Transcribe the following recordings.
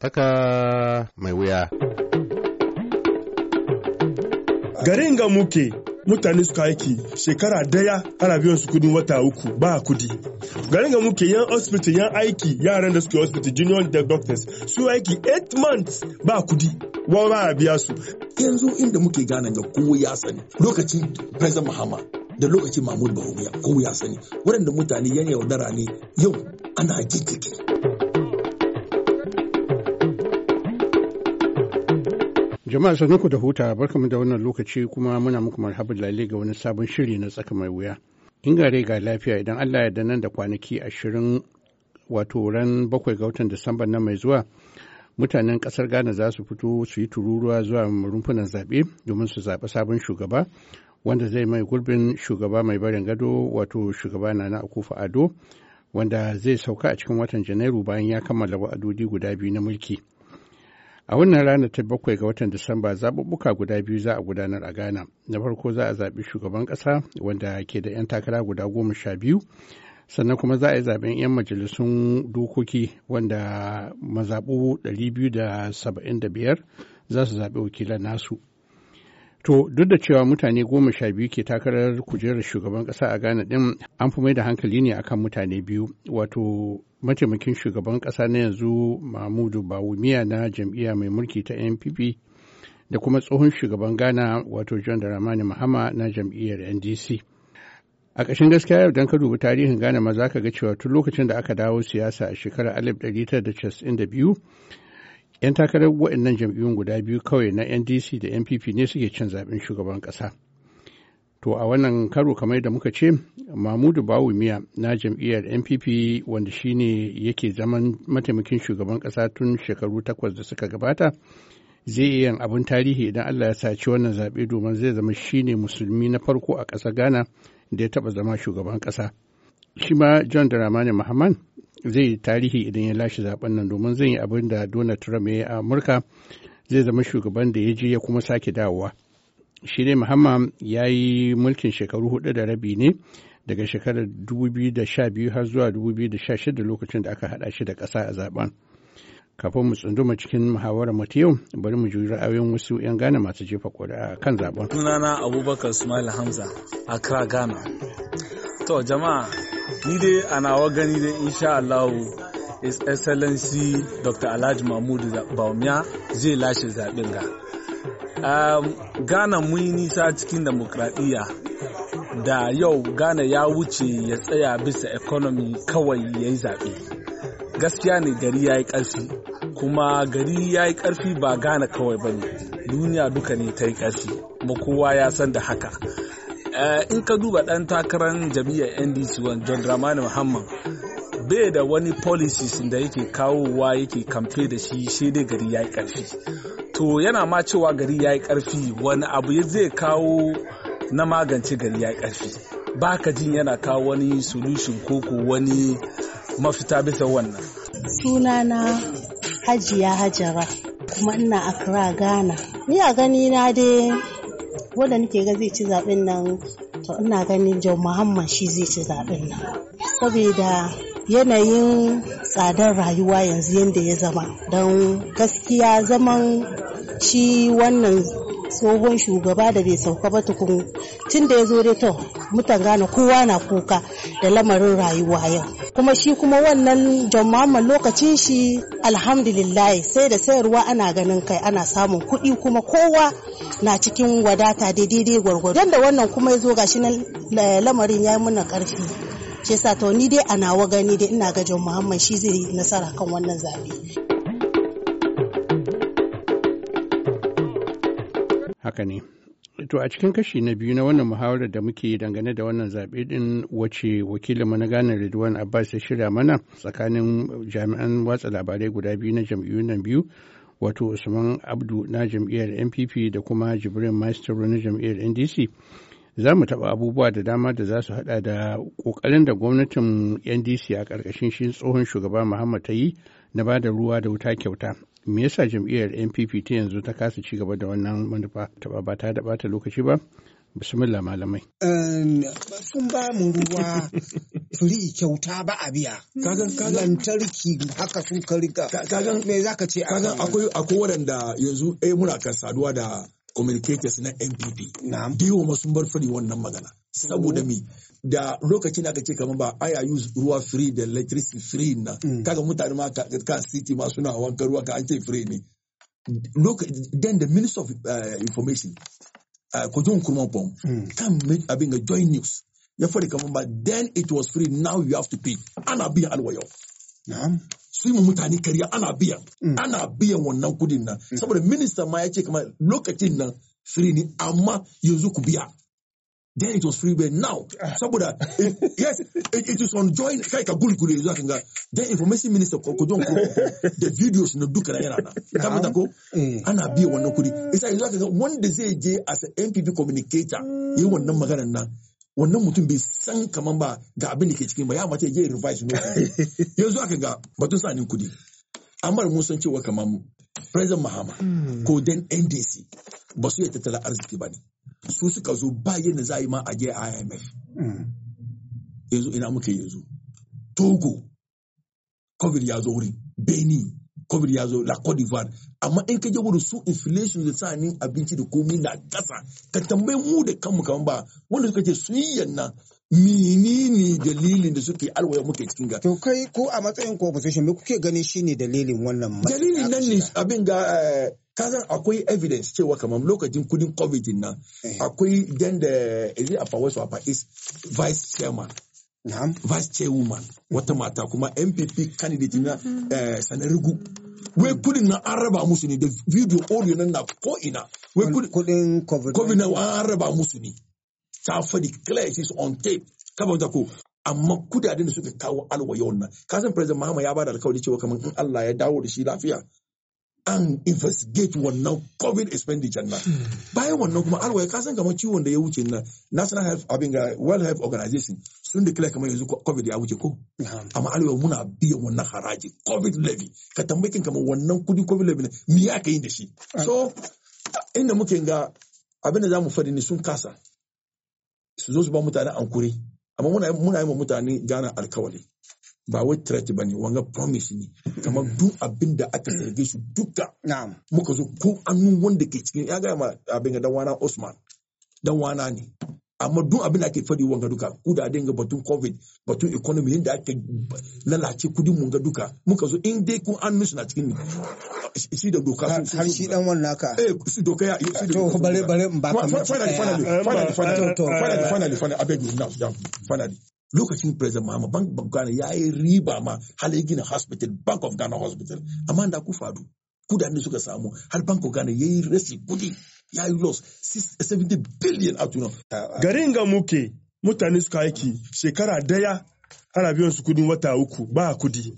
tsaka mai wuya. Garin ga muke mutane suka aiki shekara daya ana biyan su kudin wata uku ba kudi garin ga muke yan hospital yan aiki yaran da suke hospital junior doctors su aiki 8 months ba kudi wa ba biya su yanzu inda muke gane ga kowa ya sani lokacin president muhammad da lokacin mahmud bahumiya kowa ya sani waɗanda mutane yan yaudara ne yau ana jijjiki Jama'a ku da huta barkamu da wannan lokaci kuma muna muku marhaban lalle ga wani sabon shiri na tsaka mai wuya. In gare ga lafiya idan Allah ya da nan da kwanaki ashirin wato ran bakwai ga watan Disamba na mai zuwa mutanen kasar Ghana za su fito su yi tururuwa zuwa rumfunan zaɓe domin su zaɓi sabon shugaba wanda zai mai gurbin shugaba mai barin gado wato shugaba na akufa ado wanda zai sauka a cikin watan janairu bayan ya kammala wa'adodi guda biyu na mulki. A wannan ranar ta bakwai ga watan Disamba zaɓuɓɓuka guda biyu za a gudanar a Ghana. Na farko za a zaɓi shugaban ƙasa wanda ke da 'yan takara guda goma sha biyu. Sannan kuma za a yi zaɓen 'yan majalisun dokoki wanda mazaɓu 275 za su zaɓi wakilan nasu. To duk da cewa mutane goma sha biyu ke takarar kujerar shugaban ƙasa a Ghana ɗin an fi mai da hankali ne akan mutane biyu wato mataimakin shugaban ƙasa na yanzu Mahmudu Bawumiya na jam'iyya mai mulki ta NPP da kuma tsohon shugaban Ghana wato John Dramani Mahama na jam'iyyar NDC. A ƙashin gaskiya yau don ka dubi tarihin Ghana ma za ka ga cewa tun lokacin da aka dawo siyasa a shekarar 1992 'yan takarar waɗannan jam'iyyun guda biyu kawai na ndc da npp ne suke cin zaɓen shugaban ƙasa to a wannan karo kamar da muka ce mahmudu bawu miya na jam'iyyar npp wanda shine yake zaman mataimakin shugaban ƙasa tun shekaru takwas da suka gabata zai iya yin abin tarihi idan allah ya saci wannan zaɓe domin zai zama shine musulmi na farko a ƙasar ghana da ya taɓa zama shugaban ƙasa. shi ma john dramani muhammad zai yi tarihi idan ya lashe zaben nan domin zai yi abin da donald trump ya yi a amurka zai zama shugaban da ya je ya kuma sake dawowa shi ne muhammad ya yi mulkin shekaru hudu da rabi ne daga shekarar 2012 har zuwa 2016 lokacin da aka hada shi da kasa a zaben kafin mu tsunduma cikin muhawarar mu yau bari mu juyi ra'ayoyin wasu 'yan gane masu jefa ƙuri'a kan zaben. Sunana Abubakar Ismail Hamza, Accra, Ghana. To jama'a ni dai a nawa gani dai insha Allahu is Excellency Dr. Alhaji Mahmud baumia zai lashe zaɓen ga. Um, Ghana mun yi nisa cikin demokradiyya da yau Ghana ya wuce ya tsaya bisa economy kawai ya yi zaɓe. Gaskiya ne gari ya yi ƙarfi, kuma gari ya yi ƙarfi ba Ghana kawai ba ne, duniya duka ne ta yi ƙarfi, kuma kowa ya san da haka. Eh, in ka duba ɗan takarar jami'ar ndc john dramani muhammad bai da wani policies da yake kawowa yake kamfe da shi sai dai gari ya yi ƙarfi to yana ma cewa gari ya yi ƙarfi wani abu ya zai kawo na magance gari ya yi ƙarfi ba ka jin yana kawo wani solution ko wani mafita bisa wannan sunana hajiya hajara kuma ina akra ghana ni a gani na dai wanda nake ga zai ci zaɓen nan to ina ganin jau Muhammad shi zai ci zaɓen nan saboda yanayin tsadar rayuwa yanzu yadda ya zama don gaskiya zaman shi wannan tsohon shugaba da bai sauka ba tukun tun da ya zo dai to mutan gane kowa na kuka da lamarin rayuwa yau kuma shi kuma wannan jama'an lokacin shi alhamdulillah sai da sayarwa ana ganin kai ana samun kuɗi kuma kowa na cikin wadata daidai gwargwado don da wannan kuma ya zo gashi nan lamarin ya yi muna ƙarfi shi sa to ni dai a nawa gani da ina ga John Muhammad shi zai nasara kan wannan zabe. haka ne. To a cikin kashi na biyu na wannan muhawarar da muke dangane da wannan zaɓe ɗin wace wakilin mana Ghana Ridwan Abbas ya shirya mana tsakanin jami'an watsa labarai guda biyu na jam'iyyun nan biyu wato Usman Abdu na jam'iyyar NPP da kuma Jibrin Maestro na jam'iyyar NDC. Za mu taɓa abubuwa da dama da za su haɗa da ƙoƙarin da gwamnatin NDC a ƙarƙashin shi tsohon shugaba Muhammad ta yi na ba da ruwa da wuta kyauta me yasa jam'iyyar npp ta yanzu ta kasa ci gaba da wannan manufa ta ba ta da bata lokaci ba bismillah malamai ehm, sun ba mu ruwa firi kyauta ba a biya kagan kagan lantarki haka sun ka kagan me zaka ce kagan akwai akwai waɗanda yanzu eh muna kan saduwa da communicators na NPP. Diwo ma sun bar fari wannan magana. Saboda demi. da lokacin aka ce kamar ba use ruwa free the electricity free na mm. kaga mutane ma kan city ma suna wanka ruwa ka an ce free ne. Then the Minister of uh, Information eh, Kojun Kurman Pom mm. can make abin a joint news. Ya fari kamar ba then it was free now you have to pay. Ana biyan alwayo. su yi mutane kariya ana biya mm. ana biyan wannan kudin nan mm. saboda minista ma ya ce kamar lokacin nan free ne amma yanzu ku biya then it was free but now ah. saboda yes it, is on join kai ka gulgule zuwa ga then information minister ko ko don ko the videos na duka yana na kamata ko mm. ana biya wannan kudi isa yanzu ga wanda zai je as a MPP communicator yi wannan maganar nan wannan mutum bai san kamar ba ga abin da ke cikin ba ya mace ya revise no yanzu aka ga batun sanin kudi amma mun san cewa kaman president mahama hmm. ko dan ndc ba su yi tattala arziki ba ne su suka zo ba yadda za a yi ma a je imf hmm. yanzu ina muke yanzu togo covid ya zo wuri benin covid ya zo la cote d'ivoire amma in ka je wuri su inflation da sani abinci da komai na kasa ka tambayi mu da kanmu kaman ba wanda suka ce su yi yanna menene dalilin da suke alwaya muke cikin ga to kai ko a matsayin ko opposition me kuke ganin shine dalilin wannan dalilin nan ne abin ga eh, kasan akwai evidence cewa kamar lokacin kudin covid na eh. akwai dan da is a power vice chairman vice chairwoman wata mata kuma mpp candidate na mm-hmm. eh, sanarigu wai kudin na an raba musu ne da video audio nan na ko ina wai kudin covid na an raba musu ne ta faɗi clear is on tape kaba ta ko amma kudaden da suka kawo alwaye wannan kasan president mahama ya bada alkawari cewa kamar in Allah ya dawo da shi lafiya an investigate wannan covid expenditure na hmm. bayan wannan kuma alwaye ka san kamar ciwon da ya wuce na national health abin ga world health organization sun declare kamar yanzu covid ya wuce ko amma alwaye muna biyan wannan haraji covid levy ka tambakin kamar wannan kudi covid levy me ya kai da shi ah. so inda muke ga abin da mu fadi ne sun kasa su zo su ba mutane ankuri amma muna yi wa mutane gana alkawali ba wai threat ba ne wanga promise ne kamar mm. duk abin da aka zarge shi duka muka zo ko annu wanda ke cikin ya gaya ma abin da wana Osman dan wana ne amma duk abin da ake fadi wanga duka ku da dinga batun covid batun economy yadda ake lalace kudin mun ga duka muka zo in dai kun annu suna cikin ne shi da doka har shi dan wannan ka eh shi doka ya shi to bare bare ba ka finally finally finally finally finally finally abeg now finally lokacin president mahama bank of ghana ya yi riba ma har ya gina hospital bank of ghana hospital amma da ku fadu kudaden suka samu har bank of ghana ya yi resi kudi ya yi loss 70 billion a tunan garin ga muke mutane suka aiki shekara daya ana biyan su kudin wata uku ba kudi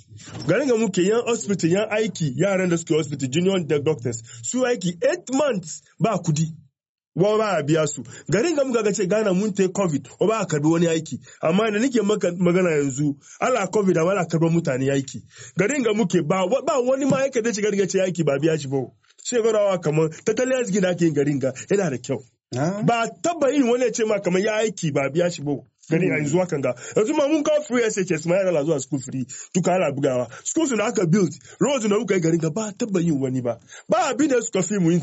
garin ga muke yan hospital yan aiki yaran da suke hospital junior doctors su aiki 8 months ba kudi wa ba a biya su garin ga muka ga ce mun ta covid wa ba a karbi wani aiki amma da nake magana yanzu ala covid amma ala karbar mutane aiki garin ga muke ba wani ma yake dace garin daga ce aiki ba biya shi ba sai gwarawa kamar tattalin arziki da ake garin ga yana da kyau ah. ba taba yin wani ya ce ma kamar ya aiki ba biya shi ba gani a hmm. yanzu hakan ga yanzu ma mun kawo free SHS ma yara zuwa school free duka ana bugawa schools da aka build roads da muka yi garin ga ba taba yin wani ba ba abin da suka fi mu yi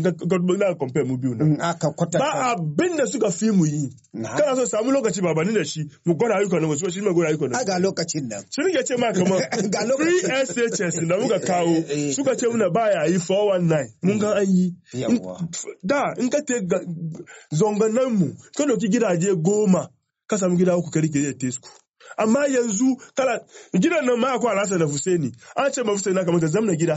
na compare mu biyu na ba abin da suka fi mu yi kana so lokaci ba da shi mu gwada ayyukan nan wasu shi ma gwada ayyukan nan ga lokacin nan shi ne ce ma kamar free SHS da muka kawo eh, eh, eh. suka ce muna ba ya yi 419 mun ga an yi ka te zonganan mu ka doki gidaje goma ka samu gida uku ka rike yadda su amma yanzu kala gidan nan ma akwai alhassan da Fuseni an ce ma Fuseni kamar ta zamna gida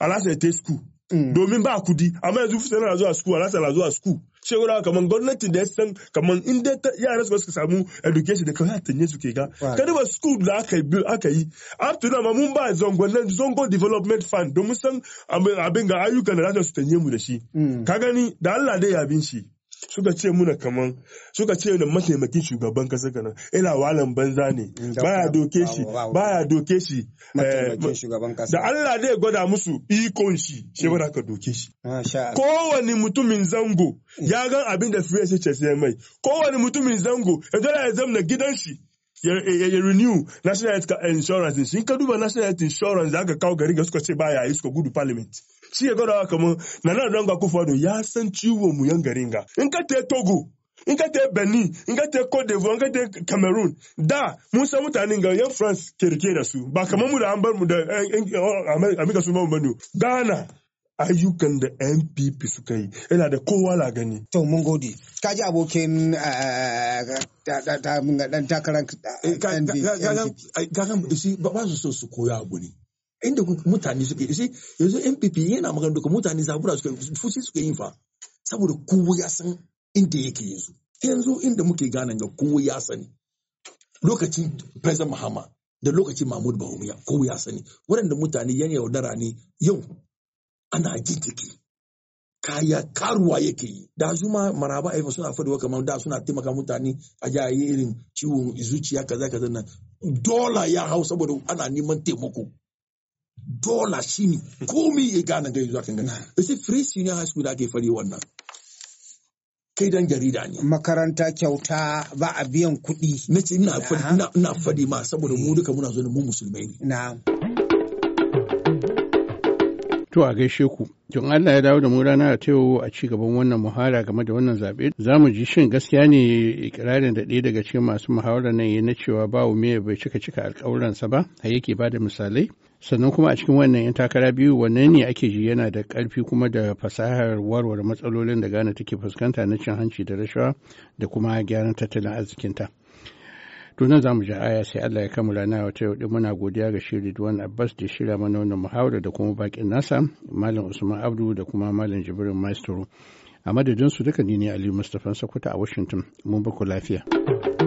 alhassan ya su mm. domin ba kudi amma yanzu Fuseni na zuwa school alhassan na zuwa school ce wura kamar gwamnati da ya san kamar in dai yaran su suka samu education da kawai tanye su ke ga kada ba school da aka yi aka yi up to now mun ba zongo nan zongo development fund don mun san abin ga ayyukan da za su tanye mu da shi mm. ka gani da Allah dai ya bin shi suka ce muna kaman suka ce na mataimakin shugaban kasa kana ila walan banza ne mm, baya doke shi baya doke shi Mataimakin shugaban kasa. da Allah zai gwada musu ikon shi shi bara ka doke shi kowani mm. mutumin zango ya gan abin da fiye sai ce sai mai kowani mutumin zango ya dole ya zamna gidan shi ya renew national health insurance shi ka duba national health insurance da aka kawo gari ga suka ce baya yi suka gudu parliament shi ya gwada kamar na nan don ga kufado ya san ciwo mu yan garin ga in ka ta togo in ka ta benin in ka ta cote d'ivoire in ka ta cameroon da mun san mutanen ga yan france ke rike da su ba kamar mu da an bar mu da eh, eh, eh, oh, amurka su ba mu bane ghana ayyukan da npp suka yi yana da kowa la gani to mun gode ka ji abokin eh, eh, dan takarar npp eh, shi ba su so su koya abu ne inda mutane suke shi yanzu npp yana magana duka mutane zabura suke fusi suke yin fa saboda kowa ya san inda yake yanzu yanzu inda muke gane ga kowa ya sani lokacin president mahama da lokacin mahmud bahumiya kowa ya sani waɗanda mutane yan yaudara ne yau ana jin take kaya karuwa yake yi da su ma maraba aifa suna faduwa kamar da suna taimaka mutane a jayayi irin ciwon zuciya kaza kaza nan dola ya hau saboda ana neman taimako dola shi ne komi ya gane gari zuwa kan gani isi free senior high school da ake fari wannan kai dan jarida ne makaranta kyauta ba a biyan kuɗi na ce ina fadi ma saboda mu eh. duka muna zo mu musulmai ne na'am To a gaishe ku, don Allah ya dawo da mu rana a tewo a ci gaban wannan muhara game da wannan zaɓe. Za mu ji shin gaskiya ne ikirarin da ɗaya daga cikin masu muhawara nan ya na cewa ba wa miya bai cika cika alƙawuransa ba, a yake ba da misalai. Sannan kuma a cikin wannan 'yan takara biyu wannan ne ake ji yana da ƙarfi kuma da fasahar warware matsalolin da Ghana take fuskanta na cin hanci da rashawa da kuma gyaran tattalin arzikinta. to za mu ji aya sai Allah ya kammala na wata yau muna godiya ga shi Ridwan Abbas da shirya mana wannan muhawara da kuma bakin nasa Malam Usman Abdu da kuma Malam Jibrin Maestro a madadinsu duka ni ne ali Mustapha Sokoto a Washington mun ba lafiya